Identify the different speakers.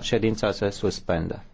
Speaker 1: ședința se suspendă.